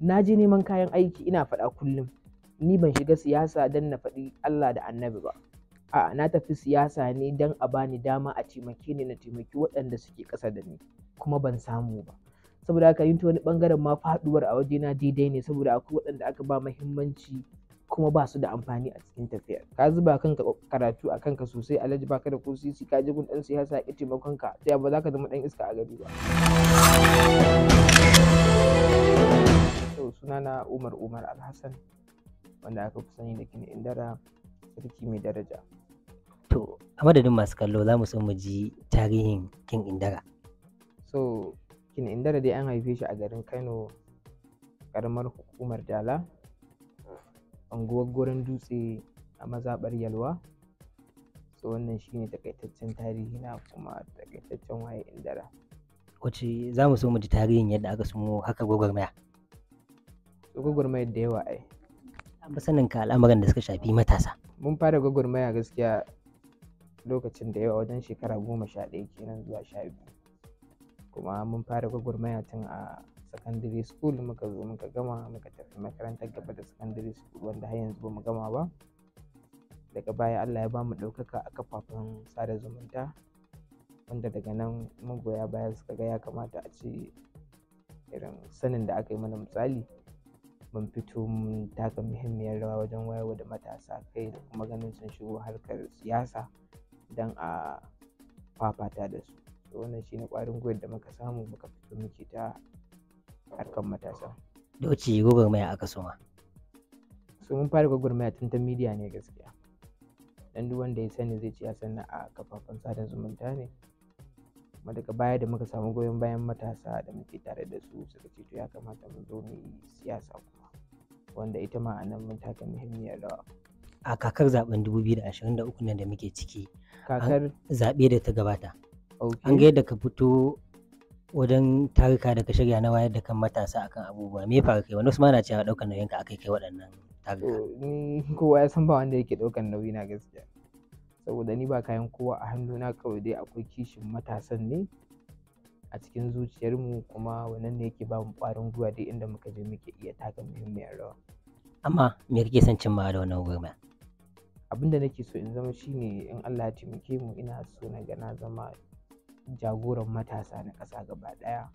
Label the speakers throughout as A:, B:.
A: na je neman kayan aiki ina faɗa kullum ni ban shiga siyasa dan na faɗi Allah da annabi ba a'a na tafi siyasa ne don a bani dama a taimake ni na taimaki waɗanda suke ƙasa da ni kuma ban samu ba saboda haka yin ta wani ɓangaren ma faɗuwar a waje na daidai ne saboda akwai waɗanda aka ba mahimmanci kuma ba su da amfani a cikin tafiyar ka zuba kanka karatu a kanka sosai alhaji baka da ko sisi ka ji gun ɗan siyasa ya taimakon ka ta ba za ka zama ɗan iska a gari ba sunana Umar Umar Alhassan wanda aka fi sani da kin indara sarki mai daraja.
B: To, a madadin masu kallo za mu so mu ji tarihin kin
A: indara. So, kin indara dai an haife shi a garin Kano karamar hukumar Dala, unguwar gurin dutse a mazaɓar Yalwa. So, wannan shi ne takaitaccen tarihi na kuma takaitaccen waye indara.
B: Wace za mu so mu ji tarihin yadda aka sumo haka gwagwarmaya.
A: gwagwarmayar da yawa ai an
B: sanin ka al'amuran da suka shafi matasa
A: mun fara gwagwarmaya gaskiya lokacin da yawa wajen shekara goma sha ɗaya kenan zuwa sha biyu kuma mun fara gwagwarmaya tun a sakandare school muka zo muka gama muka tafi makarantar gaba da sakandare school wanda har yanzu ba mu gama ba daga baya Allah ya ba mu ɗaukaka a kafafen sada zumunta wanda daga nan magoya baya suka ga ya kamata a ce irin sanin da aka yi mana misali mun fito mun taka muhimmiyar rawa wajen wayarwa da matasa kai da kuma ganin sun shigo harkar siyasa don a fafata da su to wannan shine ƙwarin gwiwar da muka samu muka fito muke ta harkar matasa
B: Doci, gugur maya aka soma
A: so mun fara gwagwarmaya tun ta midiya ne gaskiya dan duk wanda ya sani zai ci ya sani a kafafen sada zumunta ne kuma daga baya da muka samu goyon bayan matasa da muke tare da su suka ce to ya kamata mu zo mu yi siyasa kuma wanda ita ma a nan mun taka muhimmiyar rawa
B: a kakar zaben 2023 nan da muke ciki kakar zaɓe da ta gabata an ga yadda ka fito wajen tarika da ka shirya na wayar da kan matasa
A: akan abubuwa me faru
B: kai wani ma na cewa ɗaukar nauyin ka akai kai waɗannan
A: taruka. kowa ya san ba wanda yake ɗaukar nauyi na gaskiya saboda ni ba kayan kowa a hannu na kawai dai akwai kishin matasan ne a cikin zuciyarmu kuma wannan ne yake ba kwarin ƙwarin gwiwa duk inda muka je muke iya taka muhimmiyar rawa
B: amma me kake son cimma da wannan gurbin
A: abin da nake so in zama shine in Allah ya taimake mu ina so na ga na zama jagoran matasa na ƙasa gaba ɗaya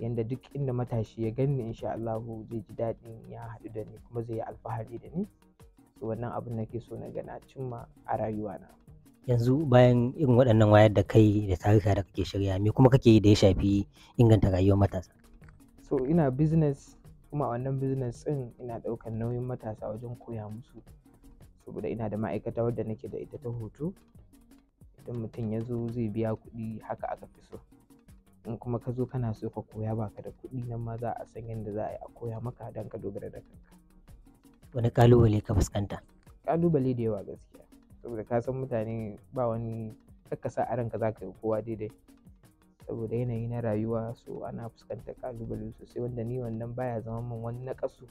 A: yanda duk inda matashi ya ganni insha Allahu zai ji daɗin ya haɗu da ni kuma zai yi alfahari da ni wannan abin nake so na ga na cimma a rayuwana
B: yanzu bayan irin waɗannan wayar da kai da tarika da kake shirya me kuma kake yi da ya shafi inganta rayuwar matasa
A: so ina business kuma a wannan business ɗin ina ɗaukar nauyin matasa wajen koya musu saboda ina da ma'aikata wadda nake da ita ta hoto idan mutum ya zo zai biya kuɗi haka aka fi so in kuma ka zo kana so ka koya baka da kuɗi nan ma za a san yadda za a yi a koya maka don ka dogara da kanka
B: wani ƙalubale ka fuskanta
A: ƙalubale da yawa gaske saboda ka san mutane ba wani kakka sa a ranka za ka yi kowa daidai saboda yanayi na rayuwa so ana fuskantar kalubale sosai wanda ni wannan baya zama min wani nakasu.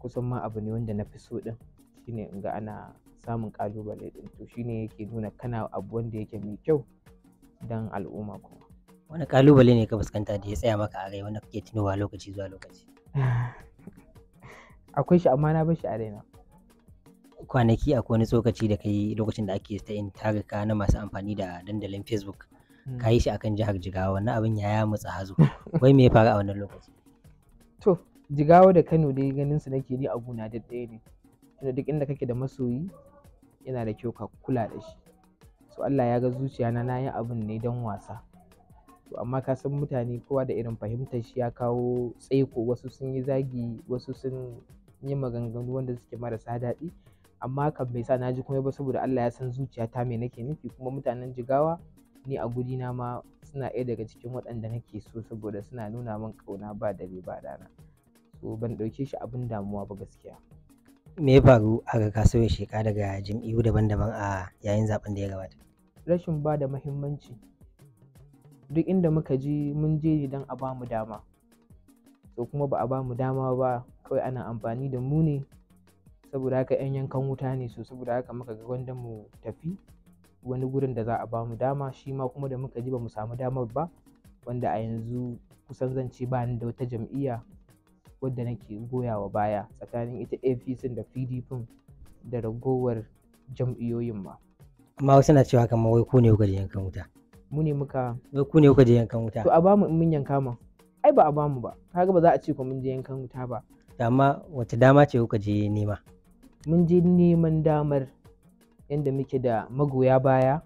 A: kusan ma abu ne wanda na fi so din shine in ga ana samun kalubale din to shine yake nuna kana abu wanda yake mai kyau don
B: al'umma kuma wani kalubale ne ka fuskanta da ya tsaya maka a rai wanda kake tunowa lokaci zuwa lokaci
A: akwai shi amma na bar shi a raina
B: kwanaki a wani tsokaci da kai lokacin da ake ta tarika na masu amfani da dandalin facebook hmm. ka yi shi akan jihar jigawa wannan abin ya yamutsa hazo wai me ya faru a wannan lokaci to
A: jigawa da kano dai ganin su nake ni abu na daɗaya ne tunda duk inda kake da masoyi yana da kyau ka kula da shi so Allah ya ga zuciya na na yi abin ne don wasa to amma ka san mutane kowa da irin fahimtar shi ya kawo tsaiko wasu sun yi zagi wasu sun yi maganganu wanda suke marasa daɗi amma hakan bai sa na ji komai ba saboda Allah ya san zuciyata me nake nufi kuma mutanen jigawa ni a na ma suna ɗaya daga cikin waɗanda nake so saboda suna nuna min ƙauna ba da dare ba dana so ban ɗauke shi abin damuwa ba gaskiya
B: me ya faru a ga kasuwar sheka daga jam'iyyu daban-daban a
A: yayin zaben da ya gabata rashin ba da muhimmanci duk inda muka ji mun je ne don a ba mu dama to kuma ba a ba mu dama ba kawai ana amfani da mu ne saboda haka 'yan yankan wuta ne so saboda haka muka ga wanda mu tafi wani gurin da za a bamu dama shi ma kuma da muka ji ba mu samu damar ba wanda a yanzu kusan zan ce ba ni da wata jam'iyya wadda nake goyawa baya tsakanin ita apc da pdp da ragowar jam'iyoyin ma
B: amma wasu na cewa kamar wai ku ne kuka je yankan wuta
A: mu ne muka
B: wai ku ne kuka je yankan wuta to a
A: bamu in mun yanka ma ai ba a bamu ba kaga ba za a ce ku mun je yankan wuta ba
B: amma wata dama ce kuka je nema
A: mun je neman damar yadda muke da magoya baya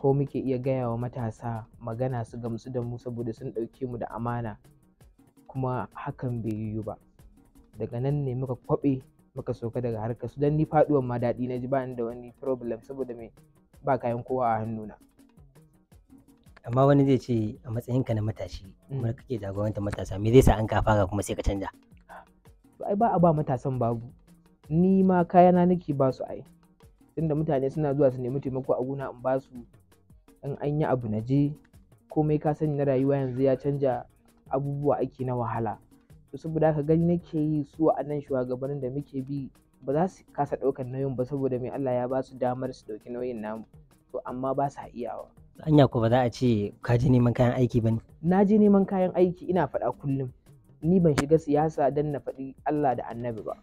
A: ko muke iya gaya wa matasa magana su gamsu da mu saboda sun ɗauke mu da amana kuma hakan bai yiwu ba daga nan ne muka kwaɓe muka soka daga harkar su don ni faɗuwan ma daɗi na ji ba da wani problem saboda mai ba kayan kowa a hannuna
B: amma wani zai ce a matsayinka na matashi mm. kuma kake jagoranta matasa me zai sa an ka kuma sai ka
A: canja ba a ba matasan babu ni ma kayana nake ba su ai tunda mutane suna zuwa su nemi taimako a gona in ba su in an yi abu na je komai ka sani na rayuwa yanzu ya canja abubuwa ake na wahala to saboda haka gani nake yi su a nan shugabannin da muke bi ba za su kasa ɗaukar nauyin ba saboda mai Allah ya ba su damar su ɗauki nauyin namu to amma ba sa iyawa
B: anya ko ba za a ce ka je neman kayan aiki ba ne
A: na je neman kayan aiki ina faɗa kullum ni ban shiga siyasa dan na faɗi Allah da annabi ba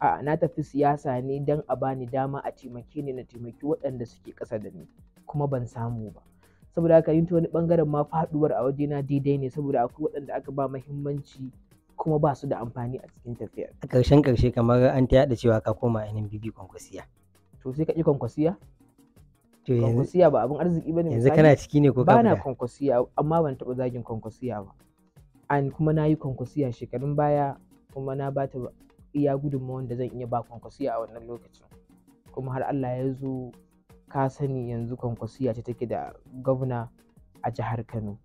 A: a na tafi siyasa ne don a bani dama a taimake ni na taimaki waɗanda suke ƙasa da ni kuma ban samu ba saboda haka yin ta wani ɓangaren ma faɗuwar a waje na daidai ne saboda akwai waɗanda aka ba muhimmanci kuma ba su da amfani a cikin tafiyar. A
B: ƙarshen ƙarshe kamar an ta yaɗa cewa ka koma bibi kwankwasiya.
A: To sai ka ƙi kwankwasiya?
B: To Kwankwasiya
A: ba abin arziki ba ne. Yanzu kana ciki ne ko ka Bana kwankwasiya amma ban taɓa zagin kwankwasiya ba. An kuma na yi kwankwasiya shekarun baya kuma na ba ta iya gudunmawar da zan iya ba kwankwasiya a wannan lokacin kuma har Allah ya zo ka sani yanzu kwankwasiya ce take da gwamna a jihar Kano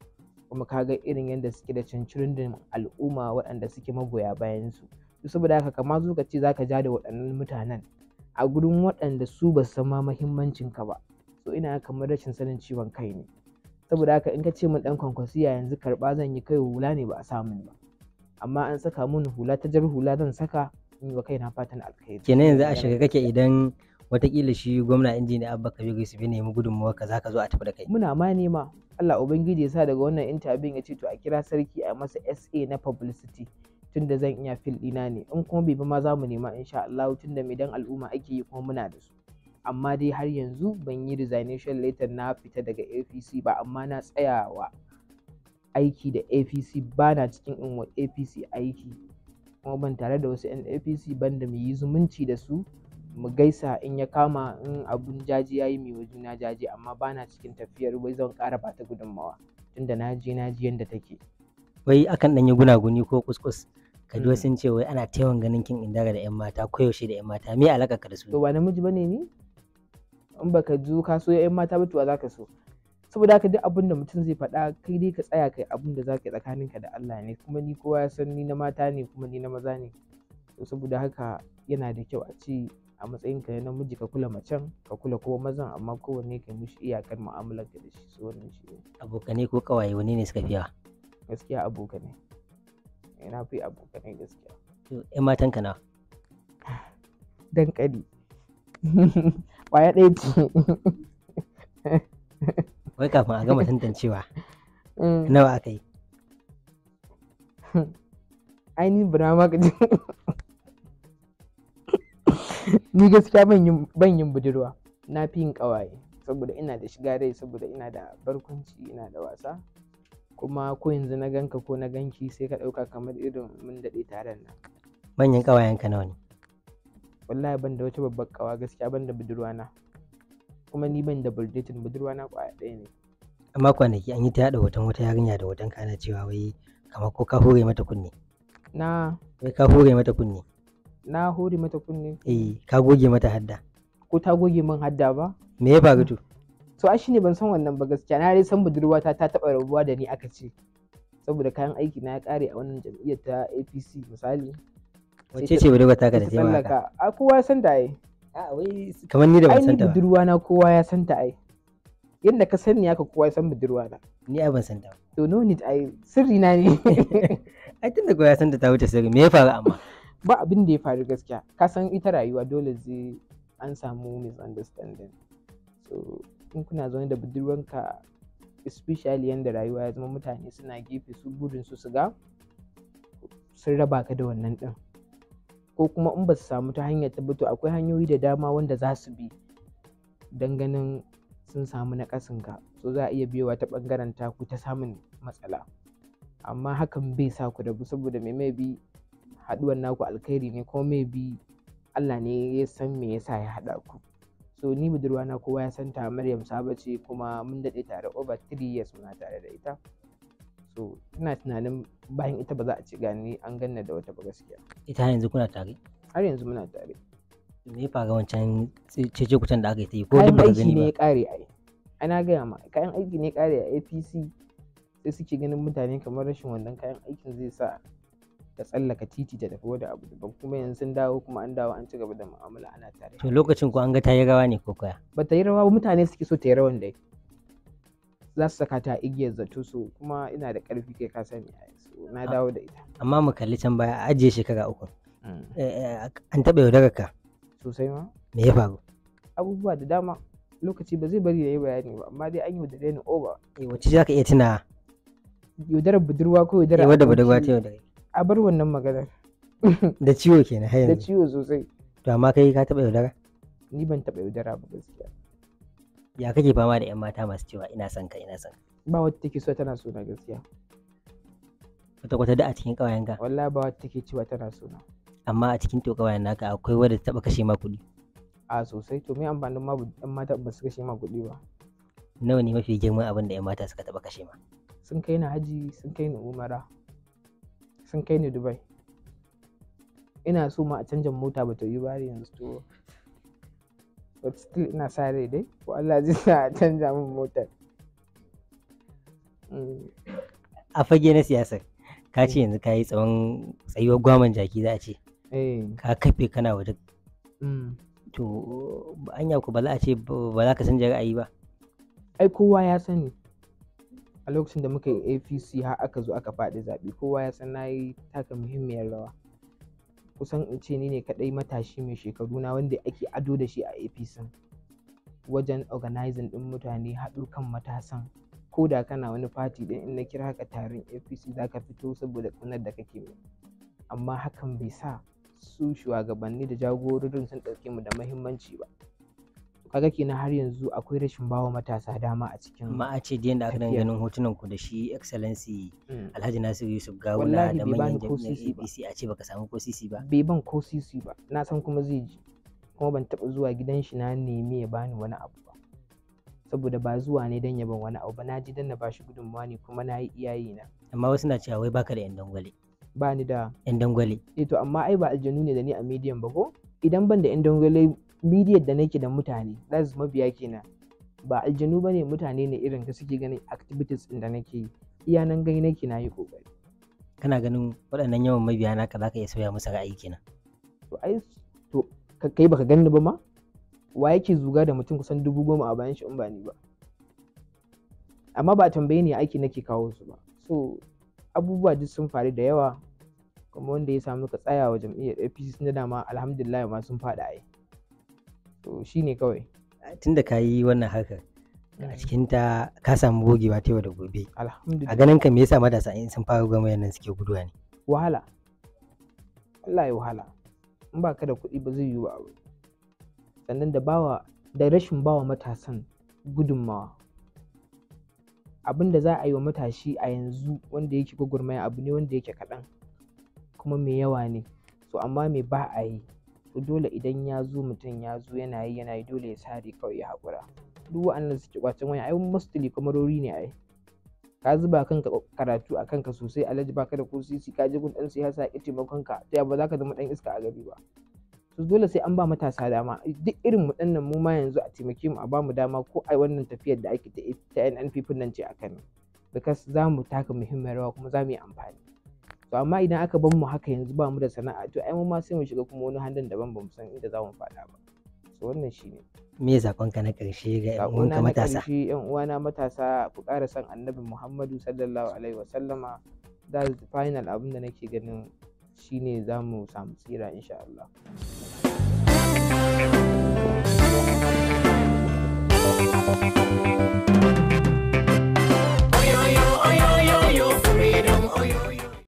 A: kuma ka ga irin yadda suke da cincirindin al'umma waɗanda suke magoya bayan su saboda haka kama zo ka ce ka ja da waɗannan mutanen a gurin waɗanda su ba san ma muhimmancin ka ba so ina kamar rashin sanin ciwon kai ne saboda haka in ka ce min ɗan kwankwasiya yanzu karɓa zan yi kai hula ne ba a samu ba amma an saka mun hula ta jar hula zan saka yi wa na fatan alkhairi kenan yanzu a shiga
B: kake idan watakila shi gwamna injiniya abba kabir su bi nemi Za ka zo a tafi da kai
A: muna ma nema Allah ubangiji ya sa daga wannan intabin ya ce to a kira sarki a masa SA na publicity tunda zan iya fil ɗina ne in kuma bai ma za mu nema insha Allah tunda mai dan al'umma ake yi kuma muna da su amma dai har yanzu ban yi resignation letter na fita daga APC ba amma na tsayawa aiki da APC ba na cikin in wa APC aiki kuma ban tare da wasu 'yan apc banda mu yi zumunci da su mu gaisa in ya kama in abun jaji ya yi juna jaji amma bana cikin tafiyar wai zan ƙara ba gudunmawa tunda na je na ji yadda take.
B: wai akan yi gunaguni ko kuskus ka ji hmm. wasu ce wai ana taiwon ganin kin indara da 'yan mata koyaushe da 'yan mata me alaƙa ka da su. to ba namiji bane
A: ni in baka ju ka so 'yan mata ba to za ka so saboda haka duk abin da mutum zai faɗa kai dai ka tsaya kai abin da zaka yi tsakaninka da Allah ne kuma ni kowa ya san ni na mata ne kuma ni na maza ne to saboda haka yana da kyau a ce a ka na namiji ka kula macen ka kula kowa mazan amma kowanne ka mishi iyakar mu'amalar ka da shi so wannan shi ne
B: abokanai ko kawaye wani ne suka fi yawa
A: gaskiya abokanai eh, na fi abokanai gaskiya to ƴan
B: matan ka na dankali
A: kwaya ɗaya ce wai kafin a gama tantancewa mm. nawa aka yi ainihin burama ma ka ni gaskiya ban yin budurwa na fi yin ƙawaye saboda ina da shiga rai saboda ina da barkwanci ina da wasa kuma ko yanzu na ganka ko na ganki sai ka ɗauka kamar irin mun daɗe taron nan
B: manyan ƙawayenka nawa ne
A: wallahi ban da wata babbar ƙawa gaskiya ban da budurwa na kuma ni ban da validating budurwa na kwaya ɗaya ne
B: amma kwanaki an yi ta yaɗa hoton wata yarinya da hoton kana cewa wai kamar ko ka hore mata kunne na wai ka hore mata kunne
A: na hore mata kunne
B: eh ka goge mata hadda
A: ko ta goge min hadda ba me ya faru to so ai ne ban san wannan ba gaskiya na dai san budurwata ta taɓa rabuwa da ni aka ce saboda kayan aiki na ya kare a wannan jam'iyyar ta APC misali Wace ce budurwa ta ka da taimaka a kowa san da ai a wai kamar ni da ban santa ba budurwa kowa ya santa ai yadda ka sani haka kowa ya san budurwa na
B: ni ai ban santa ba
A: to no need ai sirri na ne
B: ai da kowa ya santa ta wuce sirri me ya faru amma
A: ba abin da ya faru gaskiya ka san ita rayuwa dole zai an samu misunderstanding so in kuna zaune da budurwanka especially yadda rayuwa ya zama mutane suna gefe su gudun su su ga sun raba ka da wannan din ko kuma in ba su samu ta hanyar ta ba to akwai hanyoyi da dama wanda za su bi don ganin sun samu na ƙasin ka so za a iya biyowa ta ɓangaren ku ta samun matsala amma hakan bai sa ku da bu saboda me mai bi haɗuwar naku alkhairi ne ko mai bi Allah ne ya san me yasa ya haɗa ku so ni budurwa na kowa ya san ta Maryam Saba kuma mun daɗe tare over 3 years muna tare da ita so ina tunanin bayan ita ba za a ce gani an ganna da wata ba gaskiya ita yanzu kuna tare har yanzu muna tare me fa ga wancan cece kutan da aka yi ta yi ko duk ba gani ba ne kare ai ana gaya ma kayan aiki ne kare a APC sai suke ganin mutane kamar rashin wannan kayan aikin zai sa ta tsallaka titi ta tafi wani abu daban kuma yanzu sun dawo kuma an dawo an ci gaba da mu'amala ana tare to
B: lokacin ko an ga ta yi rawa ne ko kaya.
A: ba ta yi rawa ba mutane suke so ta yi rawan dai za su saka ta igiyar zato so kuma ina da ƙarfi kai ka sani na ah. dawo da ita
B: amma mu kalli can baya ajiye shekara uku mm. eh, eh, an taɓa yaudarar ka
A: sosai ma me ya faru abubuwa da dama lokaci ba zai bari da bayani ba amma dai an yaudare ni over eh, wacce za ka iya tuna yaudarar budurwa ko yaudarar wadda budurwa ta yaudare a bar wannan maganar
B: da ciwo kenan har yanzu da
A: ciwo sosai
B: to amma kai ka taɓa yaudara ni ban taɓa yaudara ba gaskiya ya kake fama da 'yan mata masu cewa ina son ka ina son
A: ba wata take so tana so na gaskiya
B: wata kwata da a cikin kawayen
A: ka wallahi ba wata take cewa tana so na
B: amma a cikin to kawayen naka akwai wadda ta taba kashe ma kuɗi
A: a sosai to me amfanin ma 'yan mata ba su kashe ma kuɗi ba
B: nawa ne mafi girman abin da 'yan mata suka taba kashe
A: ma sun kai ni haji sun kai ni umara sun kai ni dubai ina so ma a canjin mota ba ta yi ba yanzu to but ina sare dai ko Allah zai sa a canja min motar mm.
B: a fage na siyasar ka ce yanzu ka yi tsawon tsayuwar gwaman jaki za a ce eh. ka kafe kana waje mm. to an yaku ba za a ce ba za ka san ra'ayi ba
A: ai kowa ya sani a lokacin da muka yi apc har aka zo aka faɗi zaɓe kowa ya san na yi taka muhimmiyar rawa kusan in ce ni ne kaɗai matashi mai shekaru na wanda ake ado da shi a apc wajen organizing ɗin mutane haɗu kan matasan ko da kana wani fati ɗin in na kira ka tarin apc za ka fito saboda kunar da kake mai amma hakan bai sa su shugabanni da jagororin sun ɗauke mu da muhimmanci ba kaga kenan har yanzu akwai rashin bawa matasa dama a cikin ma a ce yadda aka dinga ganin
B: hotunan ku da shi excellency mm. Alhaji Nasiru Yusuf Gawuna da manyan jami'an ABC a ce baka samu ko sisi ba bai
A: ban ko sisi ba na san kuma zai ji kuma ban taba zuwa gidan shi na nemi ya bani wani abu ba saboda ba zuwa ne dan ya ban wani abu ba na ji dan na bashi gudunmawa ne kuma na yi iyayi na
B: amma wasu na cewa wai baka da yan dangwale
A: ba ni da yan dangwale eh to amma ai ba aljanu ne da ni a medium ba ko idan ban da yan dangwale midiyar da nake da mutane that's mabiya kenan ba aljanu ba ne mutane ne irin ka suke ganin activities ɗin da nake yi iya nan gani nake na yi kokari kana ganin
B: waɗannan yawan mabiya naka za ka iya sauya musu ra'ayi kenan
A: to ai to kai baka gani ba ma wa yake zuga da mutum kusan dubu goma a bayan shi in ba ni ba amma ba tambaye ne aiki nake kawo su ba so abubuwa duk sun faru da yawa kuma wanda ya samu ka tsaya wa jam'iyyar apc na dama alhamdulillah ma sun faɗa ai to shine
B: kawai ah, da ka yi wannan harkar a mm. cikin ta ka samu gogewa ta yau da gobe a ganin ka me yasa matasa in sun fara gwamnati nan suke guduwa ne
A: wahala Allah ya wahala in ba ka da kuɗi ba zai yi wa abu sannan da bawa da rashin bawa matasan gudunmawa abin da za a yi wa matashi a yanzu wanda yake gwagwarmaya abu ne wanda yake kaɗan kuma mai yawa ne to amma me ba a yi dole idan ya zo mutum ya zo yana yi yana yi dole ya sare kawai ya haƙura duk wa'annan suke ƙwacen waya ai mostly kamarori ne ai ka zuba kanka karatu a kanka sosai alhaji baka da sisi ka je gun ɗan siyasa ya taimakon ka ta ba za ka zama ɗan iska a gari ba to dole sai an ba matasa dama duk irin mu nan mu ma yanzu a taimake mu a ba mu dama ko ai wannan tafiyar da ake ta ta NNP nan ce a akan because za mu taka muhimmiyar rawa kuma za mu yi amfani to amma idan aka bar mu haka yanzu ba mu da sana'a to ai mu ma sai mu shiga kuma wani handan daban ba mu san inda za mu faɗa ba so wannan shi ne
B: me sakonka na karshe ga yan uwanka matasa
A: yan uwana matasa ku ƙara san annabi Muhammadu sallallahu alaihi wa sallama da final abin da nake ganin shine za mu samu tsira insha Allah
B: Freedom, oh,